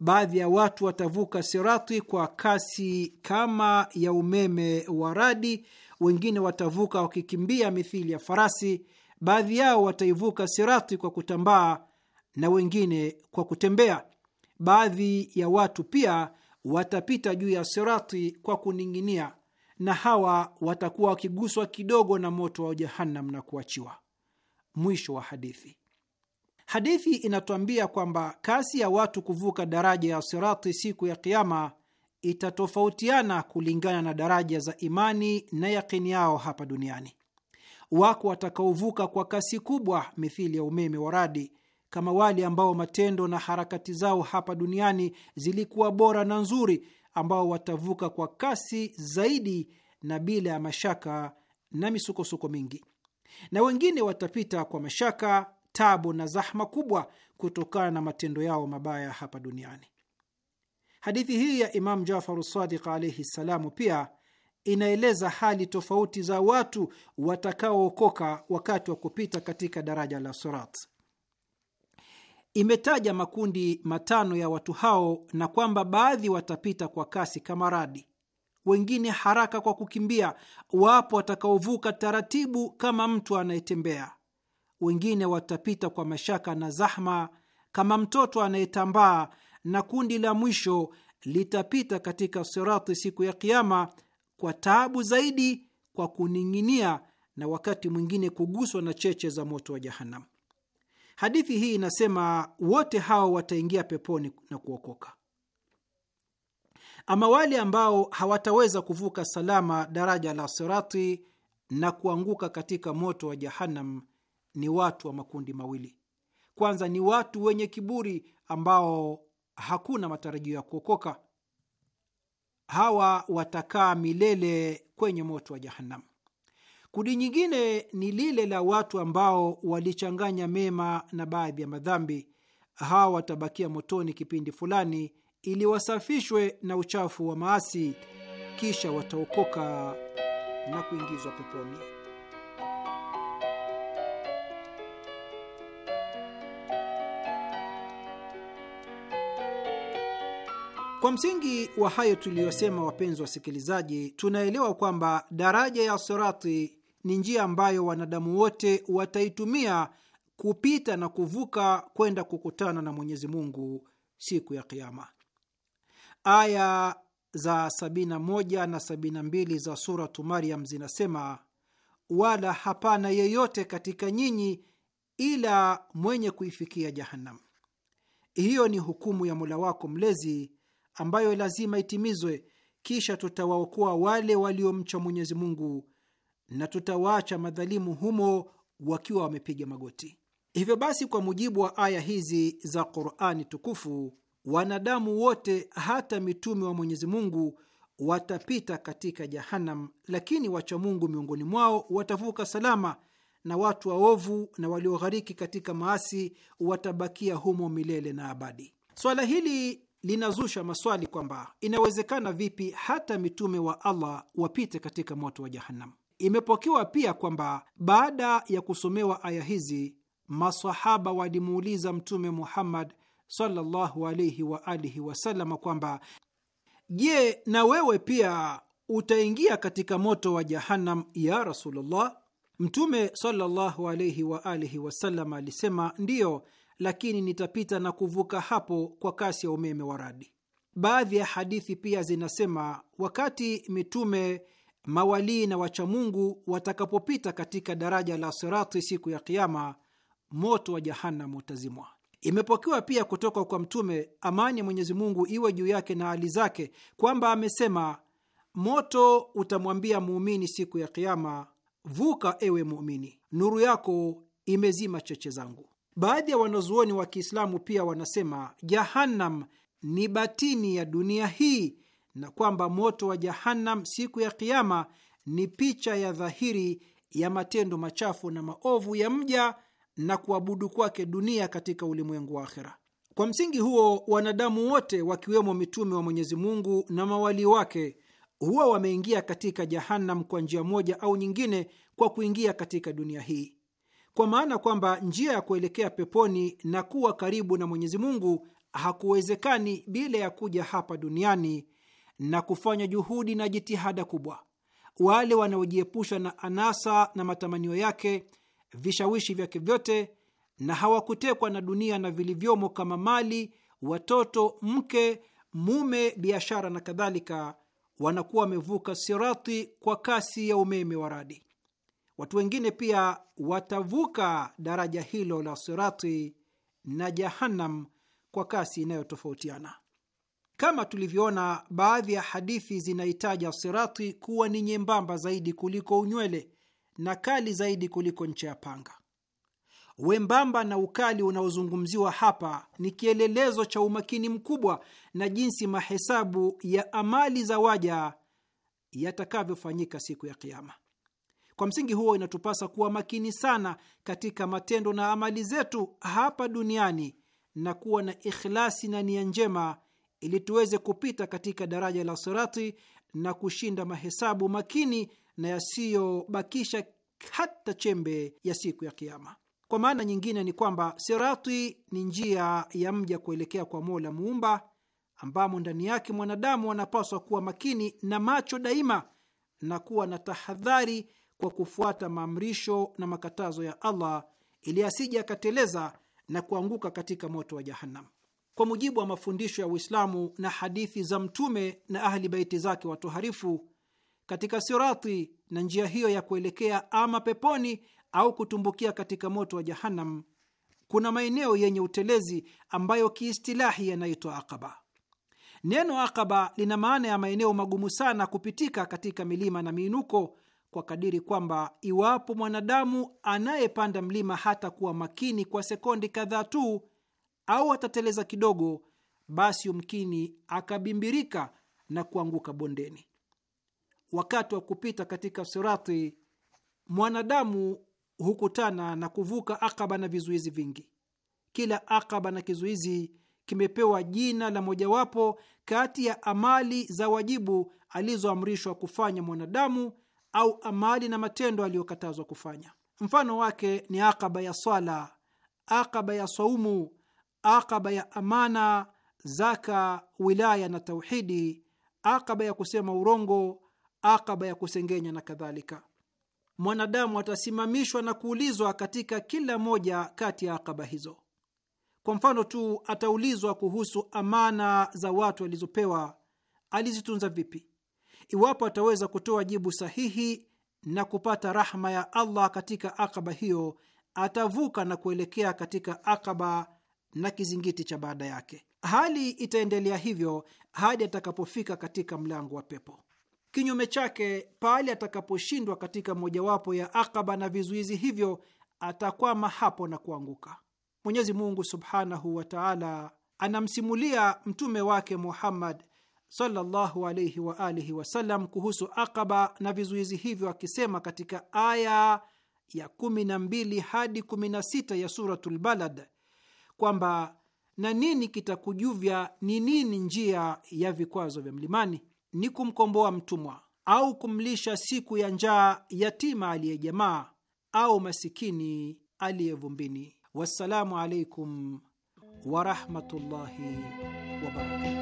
Baadhi ya watu watavuka sirati kwa kasi kama ya umeme wa radi, wengine watavuka wakikimbia mithili ya farasi, baadhi yao wataivuka sirati kwa kutambaa na wengine kwa kutembea. Baadhi ya watu pia watapita juu ya sirati kwa kuning'inia, na hawa watakuwa wakiguswa kidogo na moto wa Jahannam na kuachiwa. Mwisho wa hadithi. Hadithi inatuambia kwamba kasi ya watu kuvuka daraja ya sirati siku ya Kiama itatofautiana kulingana na daraja za imani na yakini yao hapa duniani. Wako watakaovuka kwa kasi kubwa mithili ya umeme wa radi, kama wale ambao matendo na harakati zao hapa duniani zilikuwa bora na nzuri, ambao watavuka kwa kasi zaidi na bila ya mashaka na misukosuko mingi, na wengine watapita kwa mashaka tabu na zahma kubwa kutokana na matendo yao mabaya hapa duniani. Hadithi hii ya Imam jafar Sadiq alaihi ssalamu pia inaeleza hali tofauti za watu watakaookoka wakati wa kupita katika daraja la Sirat. Imetaja makundi matano ya watu hao na kwamba baadhi watapita kwa kasi kama radi, wengine haraka kwa kukimbia, wapo watakaovuka taratibu kama mtu anayetembea, wengine watapita kwa mashaka na zahma kama mtoto anayetambaa, na kundi la mwisho litapita katika sirati siku ya Kiama kwa taabu zaidi, kwa kuning'inia na wakati mwingine kuguswa na cheche za moto wa Jahannam. Hadithi hii inasema wote hao wataingia peponi na kuokoka. Ama wale ambao hawataweza kuvuka salama daraja la sirati na kuanguka katika moto wa Jahannam ni watu wa makundi mawili. Kwanza ni watu wenye kiburi ambao hakuna matarajio ya kuokoka. Hawa watakaa milele kwenye moto wa Jahannam. Kundi nyingine ni lile la watu ambao walichanganya mema na baadhi ya madhambi. Hawa watabakia motoni kipindi fulani ili wasafishwe na uchafu wa maasi, kisha wataokoka na kuingizwa peponi. Kwa msingi wa hayo tuliyosema, wapenzi wasikilizaji, tunaelewa kwamba daraja ya sirati ni njia ambayo wanadamu wote wataitumia kupita na kuvuka kwenda kukutana na Mwenyezi Mungu siku ya Kiama. Aya za 71 na 72 za Suratu Maryam zinasema, wala hapana yeyote katika nyinyi ila mwenye kuifikia Jahannam. Hiyo ni hukumu ya Mola wako Mlezi ambayo lazima itimizwe, kisha tutawaokoa wale waliomcha Mwenyezi Mungu na tutawaacha madhalimu humo wakiwa wamepiga magoti. Hivyo basi, kwa mujibu wa aya hizi za Qur'ani tukufu, wanadamu wote, hata mitume wa Mwenyezi Mungu watapita katika jahanam, lakini wachamungu miongoni mwao watavuka salama na watu waovu na walioghariki katika maasi watabakia humo milele na abadi. Swala hili linazusha maswali kwamba inawezekana vipi hata mitume wa Allah wapite katika moto wa Jahannam. Imepokewa pia kwamba baada ya kusomewa aya hizi masahaba walimuuliza Mtume Muhammad sallallahu alaihi wa alihi kwamba je, na wewe pia utaingia katika moto wa Jahannam ya Rasulullah? Mtume sallallahu alaihi wa alihi alisema ndiyo lakini nitapita na kuvuka hapo kwa kasi ya umeme wa radi. Baadhi ya hadithi pia zinasema wakati mitume, mawalii na wachamungu watakapopita katika daraja la Sirati siku ya Kiama, moto wa Jahannam utazimwa. Imepokewa pia kutoka kwa Mtume, amani ya Mwenyezi Mungu iwe juu yake na hali zake, kwamba amesema, moto utamwambia muumini siku ya Kiama, vuka ewe muumini, nuru yako imezima cheche zangu. Baadhi ya wanazuoni wa Kiislamu pia wanasema Jahannam ni batini ya dunia hii na kwamba moto wa Jahannam siku ya Kiama ni picha ya dhahiri ya matendo machafu na maovu ya mja na kuabudu kwake dunia katika ulimwengu wa akhira Kwa msingi huo, wanadamu wote wakiwemo mitume wa Mwenyezi Mungu na mawali wake huwa wameingia katika Jahannam kwa njia moja au nyingine kwa kuingia katika dunia hii kwa maana kwamba njia ya kuelekea peponi na kuwa karibu na Mwenyezi Mungu hakuwezekani bila ya kuja hapa duniani na kufanya juhudi na jitihada kubwa. Wale wanaojiepusha na anasa na matamanio yake, vishawishi vyake vyote, na hawakutekwa na dunia na vilivyomo kama mali, watoto, mke, mume, biashara na kadhalika, wanakuwa wamevuka sirati kwa kasi ya umeme wa radi. Watu wengine pia watavuka daraja hilo la sirati na jahannam kwa kasi inayotofautiana. Kama tulivyoona, baadhi ya hadithi zinahitaja sirati kuwa ni nyembamba zaidi kuliko unywele na kali zaidi kuliko ncha ya panga. Wembamba na ukali unaozungumziwa hapa ni kielelezo cha umakini mkubwa na jinsi mahesabu ya amali za waja yatakavyofanyika siku ya Kiama. Kwa msingi huo, inatupasa kuwa makini sana katika matendo na amali zetu hapa duniani na kuwa na ikhlasi na nia njema ili tuweze kupita katika daraja la sirati na kushinda mahesabu makini na yasiyobakisha hata chembe ya siku ya Kiama. Kwa maana nyingine ni kwamba sirati ni njia ya mja kuelekea kwa Mola Muumba, ambamo ndani yake mwanadamu anapaswa kuwa makini na macho daima na kuwa na tahadhari kwa kufuata maamrisho na makatazo ya Allah ili asije akateleza na kuanguka katika moto wa Jahannam. Kwa mujibu wa mafundisho ya Uislamu na hadithi za Mtume na Ahli Baiti zake watoharifu, katika sirati na njia hiyo ya kuelekea ama peponi au kutumbukia katika moto wa Jahannam kuna maeneo yenye utelezi ambayo kiistilahi yanaitwa Akaba. Neno Akaba lina maana ya maeneo magumu sana kupitika katika milima na miinuko kwa kadiri kwamba iwapo mwanadamu anayepanda mlima hata kuwa makini kwa sekondi kadhaa tu au atateleza kidogo, basi umkini akabimbirika na kuanguka bondeni. Wakati wa kupita katika sirati, mwanadamu hukutana na kuvuka akaba na vizuizi vingi. Kila akaba na kizuizi kimepewa jina la mojawapo kati ya amali za wajibu alizoamrishwa kufanya mwanadamu au amali na matendo aliyokatazwa kufanya. Mfano wake ni akaba ya swala, akaba ya saumu, akaba ya amana, zaka, wilaya na tauhidi, akaba ya kusema urongo, akaba ya kusengenya na kadhalika. Mwanadamu atasimamishwa na kuulizwa katika kila moja kati ya akaba hizo. Kwa mfano tu, ataulizwa kuhusu amana za watu alizopewa, alizitunza vipi? iwapo ataweza kutoa jibu sahihi na kupata rahma ya Allah katika akaba hiyo, atavuka na kuelekea katika akaba na kizingiti cha baada yake. Hali itaendelea hivyo hadi atakapofika katika mlango wa pepo. Kinyume chake, pale atakaposhindwa katika mojawapo ya akaba na vizuizi hivyo, atakwama hapo na kuanguka. Mwenyezi Mungu subhanahu wa taala anamsimulia mtume wake Muhammad sallallahu alayhi wa alihi wasallam kuhusu Aqaba na vizuizi hivyo akisema katika aya ya 12 hadi 16 ya Suratul Balad kwamba na nini kitakujuvya ni nini njia ya vikwazo vya mlimani? Ni kumkomboa mtumwa au kumlisha siku ya njaa yatima aliyejamaa au masikini aliyevumbini. Wassalamu alaikum warahmatullahi wabarakatu.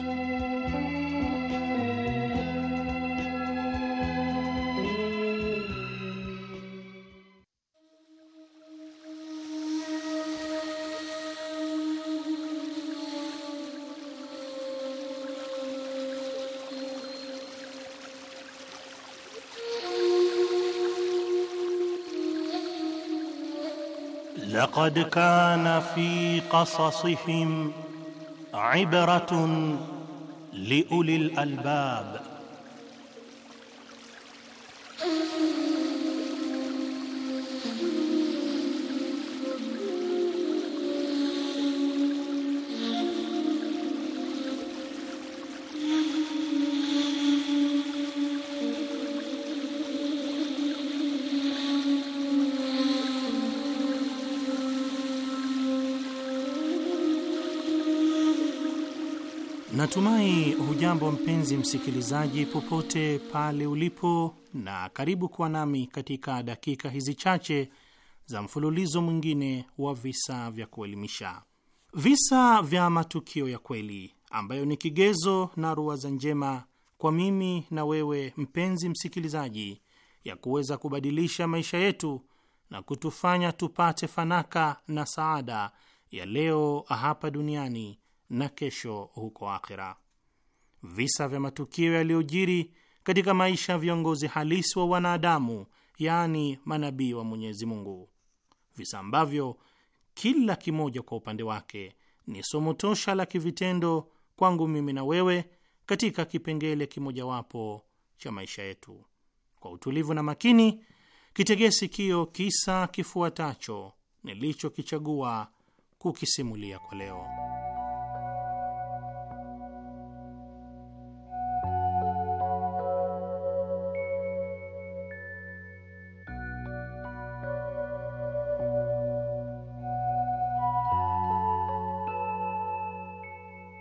لقد كان في قصصهم عبره لاولي الالباب Natumai hujambo mpenzi msikilizaji, popote pale ulipo, na karibu kuwa nami katika dakika hizi chache za mfululizo mwingine wa visa vya kuelimisha, visa vya matukio ya kweli ambayo ni kigezo na ruwaza njema kwa mimi na wewe mpenzi msikilizaji, ya kuweza kubadilisha maisha yetu na kutufanya tupate fanaka na saada ya leo hapa duniani na kesho huko akhira. Visa vya matukio yaliyojiri katika maisha ya viongozi halisi wa wanadamu, yaani manabii wa Mwenyezi Mungu, visa ambavyo kila kimoja kwa upande wake ni somo tosha la kivitendo kwangu mimi na wewe katika kipengele kimojawapo cha maisha yetu. Kwa utulivu na makini, kitegee sikio kisa kifuatacho nilichokichagua kukisimulia kwa leo.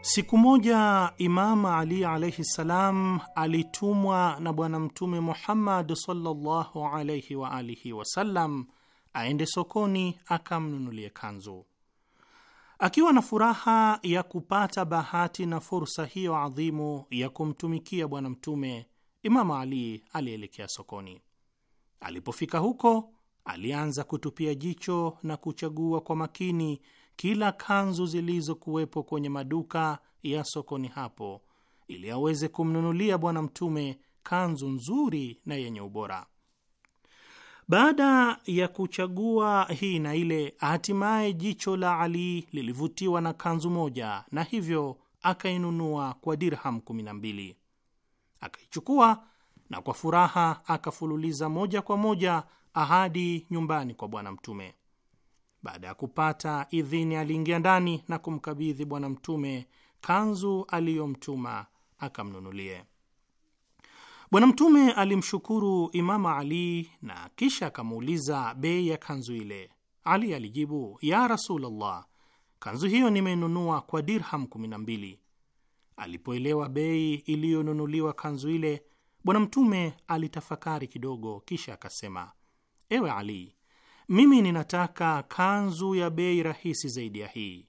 Siku moja Imam Ali alaihi ssalam alitumwa na Bwana Mtume Muhammad sallallahu alaihi wa alihi wasallam aende sokoni akamnunulie kanzu akiwa na furaha ya kupata bahati na fursa hiyo adhimu ya kumtumikia Bwana Mtume, Imamu Ali alielekea sokoni. Alipofika huko, alianza kutupia jicho na kuchagua kwa makini kila kanzu zilizokuwepo kwenye maduka ya sokoni hapo, ili aweze kumnunulia Bwana Mtume kanzu nzuri na yenye ubora. Baada ya kuchagua hii na ile, hatimaye jicho la Ali lilivutiwa na kanzu moja, na hivyo akainunua kwa dirham kumi na mbili. Akaichukua na kwa furaha akafululiza moja kwa moja ahadi nyumbani kwa Bwana Mtume. Baada ya kupata idhini, aliingia ndani na kumkabidhi Bwana Mtume kanzu aliyomtuma akamnunulie. Bwana Mtume alimshukuru Imama Ali na kisha akamuuliza bei ya kanzu ile. Ali alijibu, ya Rasulullah, kanzu hiyo nimenunua kwa dirham kumi na mbili. Alipoelewa bei iliyonunuliwa kanzu ile, Bwana Mtume alitafakari kidogo, kisha akasema, ewe Ali, mimi ninataka kanzu ya bei rahisi zaidi ya hii.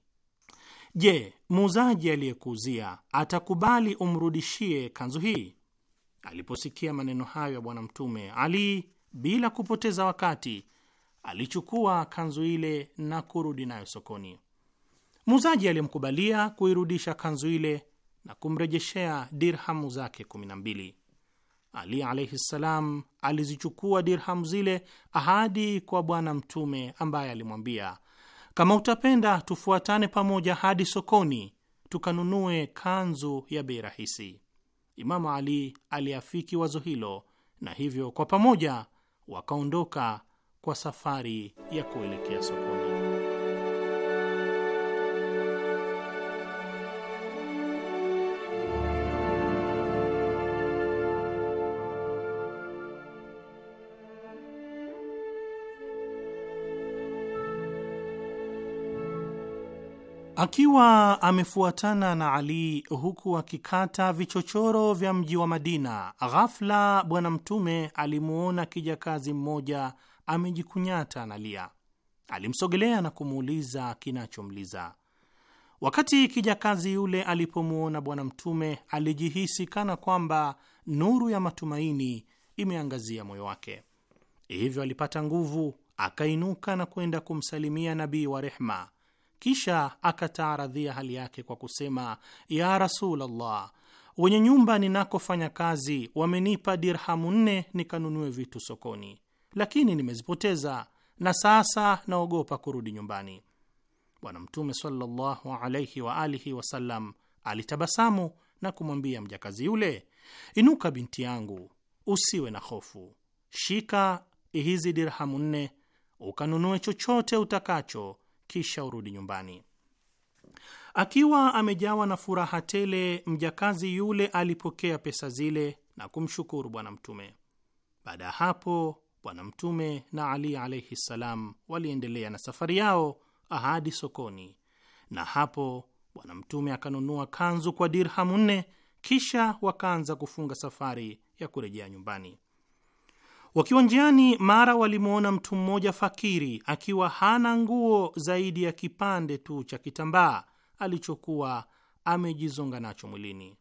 Je, muuzaji aliyekuuzia atakubali umrudishie kanzu hii? Aliposikia maneno hayo ya Bwana Mtume, Ali bila kupoteza wakati alichukua kanzu ile na kurudi nayo sokoni. Muuzaji alimkubalia kuirudisha kanzu ile na kumrejeshea dirhamu zake kumi na mbili. Ali alaihi ssalam alizichukua dirhamu zile ahadi kwa Bwana Mtume, ambaye alimwambia kama utapenda tufuatane pamoja hadi sokoni tukanunue kanzu ya bei rahisi. Imamu Ali aliafiki wazo hilo, na hivyo kwa pamoja wakaondoka kwa safari ya kuelekea sokoni. Akiwa amefuatana na Ali huku akikata vichochoro vya mji wa Madina, ghafla Bwana Mtume alimuona kijakazi mmoja amejikunyata analia. Alimsogelea na kumuuliza kinachomliza. Wakati kijakazi yule alipomuona Bwana Mtume alijihisi kana kwamba nuru ya matumaini imeangazia moyo wake, hivyo alipata nguvu akainuka na kwenda kumsalimia Nabii wa rehma kisha akataaradhia hali yake kwa kusema, ya rasulllah wenye nyumba ninakofanya kazi wamenipa dirhamu nne nikanunue vitu sokoni, lakini nimezipoteza na sasa naogopa kurudi nyumbani. Bwana Mtume sallallahu alaihi wa alihi wasallam alitabasamu na kumwambia mjakazi yule, inuka binti yangu, usiwe na hofu, shika hizi dirhamu nne ukanunue chochote utakacho kisha urudi nyumbani. Akiwa amejawa na furaha tele, mjakazi yule alipokea pesa zile na kumshukuru Bwana Mtume. Baada ya hapo, Bwana Mtume na Ali alaihi ssalam waliendelea na safari yao ahadi sokoni, na hapo Bwana Mtume akanunua kanzu kwa dirhamu nne, kisha wakaanza kufunga safari ya kurejea nyumbani. Wakiwa njiani, mara walimwona mtu mmoja fakiri akiwa hana nguo zaidi ya kipande tu cha kitambaa alichokuwa amejizonga nacho mwilini.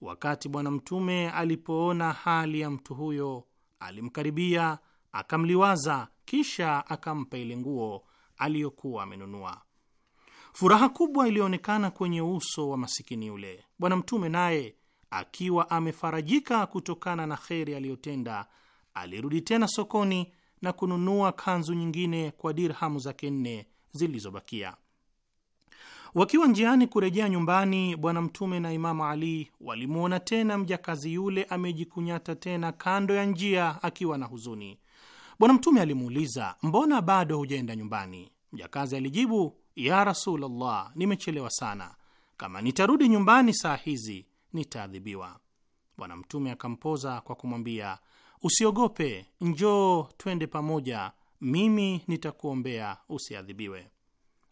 Wakati Bwana Mtume alipoona hali ya mtu huyo, alimkaribia akamliwaza, kisha akampa ile nguo aliyokuwa amenunua. Furaha kubwa ilionekana kwenye uso wa masikini yule. Bwana Mtume naye akiwa amefarajika kutokana na kheri aliyotenda alirudi tena sokoni na kununua kanzu nyingine kwa dirhamu zake nne zilizobakia. Wakiwa njiani kurejea nyumbani, Bwana Mtume na Imamu Ali walimwona tena mjakazi yule amejikunyata tena kando ya njia akiwa na huzuni. Bwana Mtume alimuuliza, mbona bado hujaenda nyumbani? Mjakazi alijibu, ya Rasulullah, nimechelewa sana. Kama nitarudi nyumbani saa hizi nitaadhibiwa. Bwana Mtume akampoza kwa kumwambia Usiogope, njoo twende pamoja, mimi nitakuombea usiadhibiwe.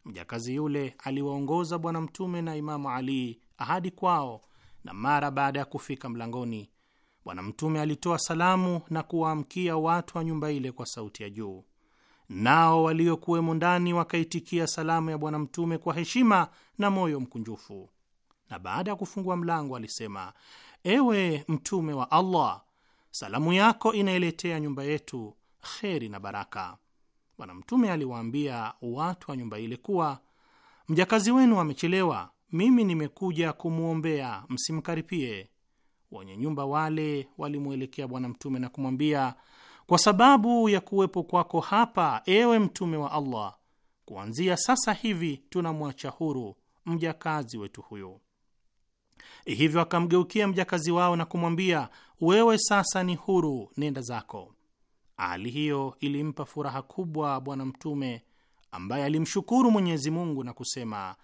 Mjakazi yule aliwaongoza Bwana Mtume na Imamu Ali ahadi kwao, na mara baada ya kufika mlangoni, Bwana Mtume alitoa salamu na kuwaamkia watu wa nyumba ile kwa sauti ya juu, nao waliokuwemo ndani wakaitikia salamu ya Bwana Mtume kwa heshima na moyo mkunjufu. Na baada ya kufungua mlango alisema, ewe Mtume wa Allah, salamu yako inaeletea nyumba yetu kheri na baraka. Bwana Mtume aliwaambia watu wa nyumba ile kuwa mjakazi wenu amechelewa, mimi nimekuja kumwombea, msimkaripie. Wenye nyumba wale walimwelekea Bwana Mtume na kumwambia, kwa sababu ya kuwepo kwako hapa, ewe Mtume wa Allah, kuanzia sasa hivi tunamwacha huru mjakazi wetu huyo. Hivyo akamgeukia mjakazi wao na kumwambia, wewe sasa ni huru, nenda zako. Hali hiyo ilimpa furaha kubwa Bwana Mtume ambaye alimshukuru Mwenyezi Mungu na kusema,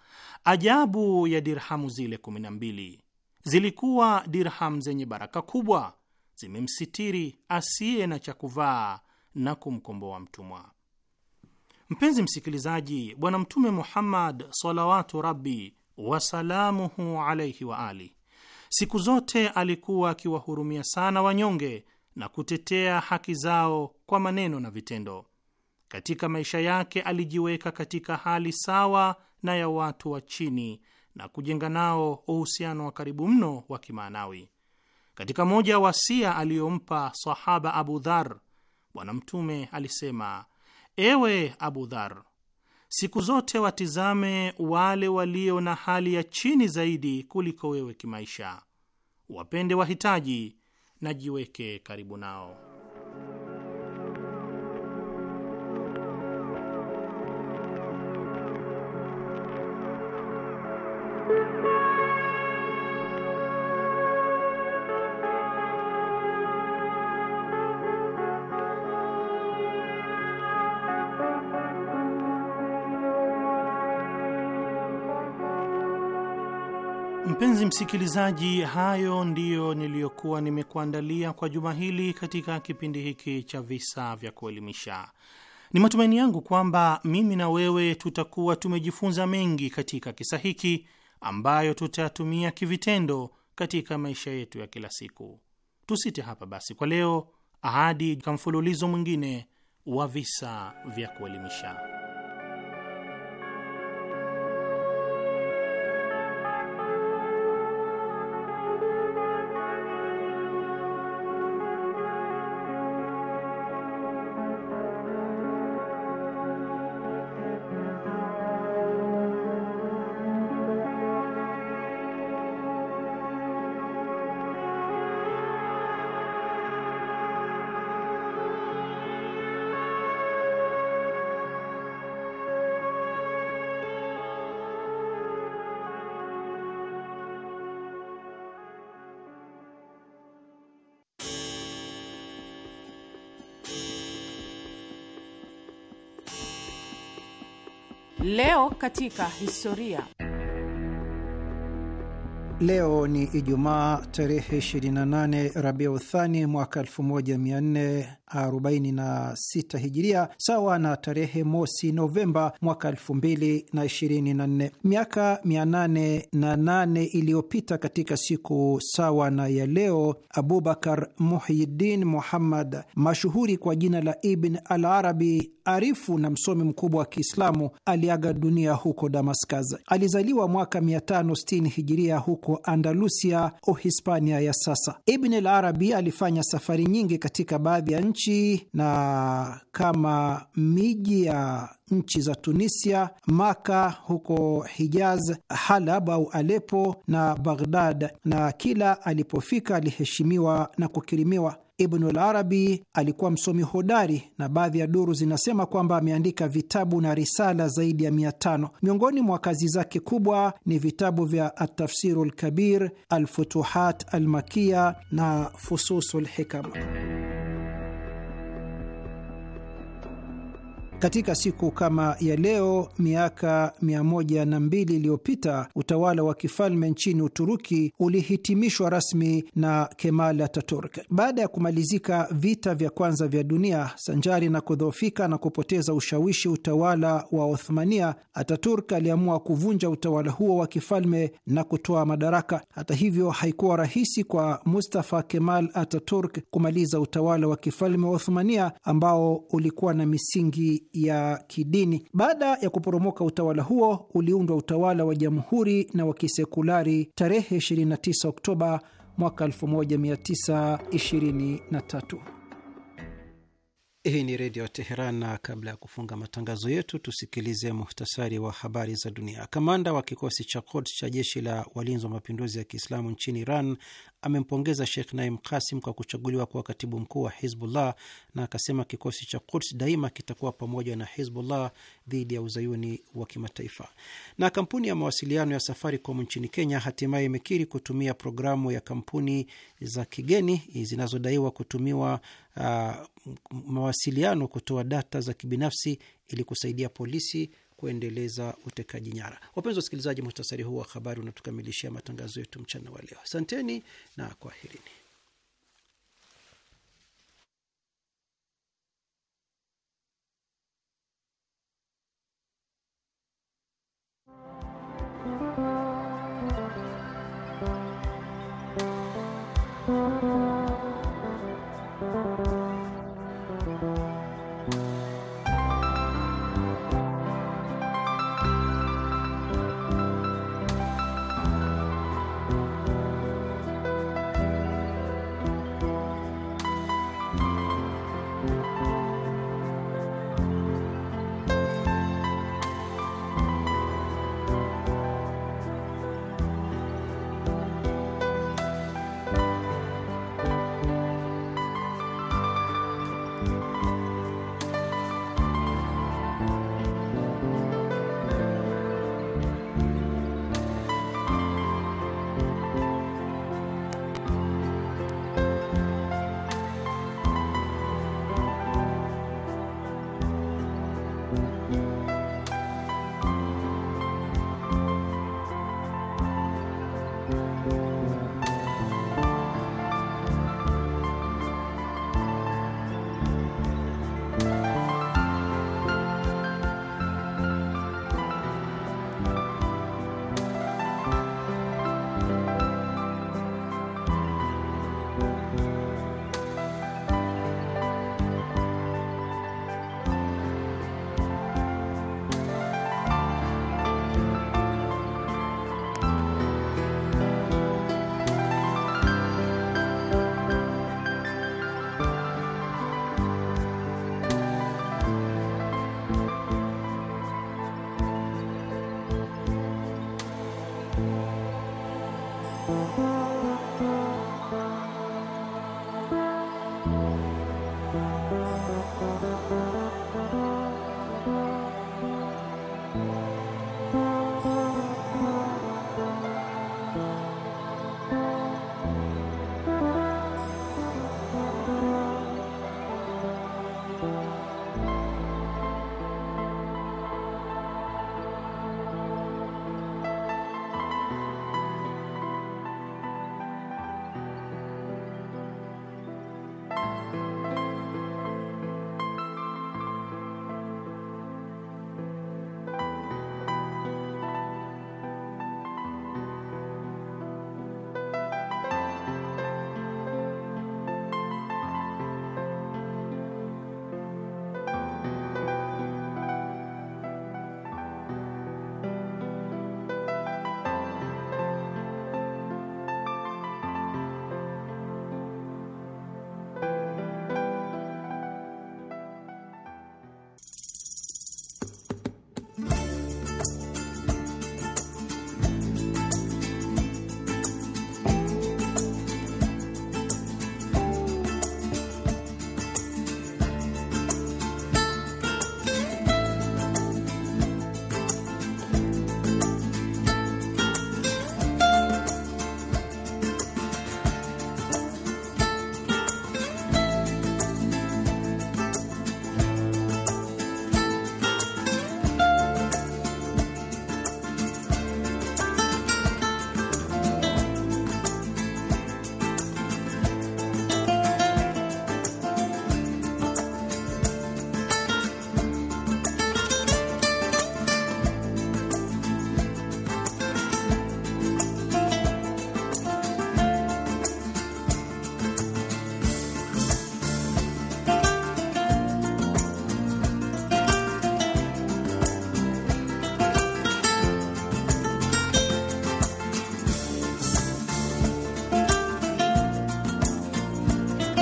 ajabu ya dirhamu zile kumi na mbili zilikuwa dirhamu zenye baraka kubwa, zimemsitiri asiye na cha kuvaa na kumkomboa mtumwa. Mpenzi msikilizaji, Bwana Mtume Muhammad salawatu rabi wasalamuhu alaihi wa ali Siku zote alikuwa akiwahurumia sana wanyonge na kutetea haki zao kwa maneno na vitendo. Katika maisha yake alijiweka katika hali sawa na ya watu wa chini na kujenga nao uhusiano wa karibu mno wa kimaanawi. Katika moja wasia aliyompa sahaba Abu Dhar, Bwana Mtume alisema: ewe Abu Dhar, Siku zote watizame wale walio na hali ya chini zaidi kuliko wewe kimaisha, wapende wahitaji na jiweke karibu nao. Mpenzi msikilizaji, hayo ndiyo niliyokuwa nimekuandalia kwa juma hili katika kipindi hiki cha visa vya kuelimisha. Ni matumaini yangu kwamba mimi na wewe tutakuwa tumejifunza mengi katika kisa hiki ambayo tutayatumia kivitendo katika maisha yetu ya kila siku. Tusite hapa basi kwa leo, ahadi kamfululizo mwingine wa visa vya kuelimisha. Leo katika historia. Leo ni Ijumaa tarehe 28 Rabiu Thani mwaka 46 hijiria sawa na tarehe mosi Novemba mwaka 2024. Miaka 808 iliyopita katika siku sawa na ya leo, Abubakar Muhyiddin Muhammad mashuhuri kwa jina la Ibn al Arabi, arifu na msomi mkubwa wa Kiislamu aliaga dunia huko Damascus. Alizaliwa mwaka 560 hijiria huko Andalusia, Uhispania ya sasa. Ibn al Arabi alifanya safari nyingi katika baadhi ya nchi nchi na kama miji ya nchi za Tunisia, Maka huko Hijaz, Halab au Alepo na Baghdad, na kila alipofika aliheshimiwa na kukirimiwa. Ibnul Arabi alikuwa msomi hodari na baadhi ya duru zinasema kwamba ameandika vitabu na risala zaidi ya mia tano. Miongoni mwa kazi zake kubwa ni vitabu vya Atafsiru lkabir, Alfutuhat Almakia na Fususu lhikama. Katika siku kama ya leo miaka mbili iliyopita utawala wa kifalme nchini Uturuki ulihitimishwa rasmi na Kemal Ataturk. Baada ya kumalizika vita vya kwanza vya dunia, sanjari na kudhoofika na kupoteza ushawishi utawala wa Othmania, Ataturk aliamua kuvunja utawala huo wa kifalme na kutoa madaraka. Hata hivyo, haikuwa rahisi kwa Mustafa Kemal Ataturk kumaliza utawala wa kifalme wa Othmania ambao ulikuwa na misingi ya kidini. Baada ya kuporomoka utawala huo, uliundwa utawala wa jamhuri na wa kisekulari tarehe 29 Oktoba mwaka 1923. Hii ni Redio Teheran, na kabla ya kufunga matangazo yetu tusikilize muhtasari wa habari za dunia. Kamanda wa kikosi cha Quds cha jeshi la walinzi wa mapinduzi ya Kiislamu nchini Iran amempongeza Sheikh Naim Kasim kwa kuchaguliwa kuwa katibu mkuu wa Hizbullah na akasema kikosi cha Quds daima kitakuwa pamoja na Hizbullah dhidi ya uzayuni wa kimataifa. Na kampuni ya mawasiliano ya Safaricom nchini Kenya hatimaye imekiri kutumia programu ya kampuni za kigeni zinazodaiwa kutumiwa uh, mawasiliano kutoa data za kibinafsi ili kusaidia polisi kuendeleza utekaji nyara. Wapenzi wasikilizaji, muhtasari huu wa habari unatukamilishia matangazo yetu mchana wa leo. Asanteni na kwaherini.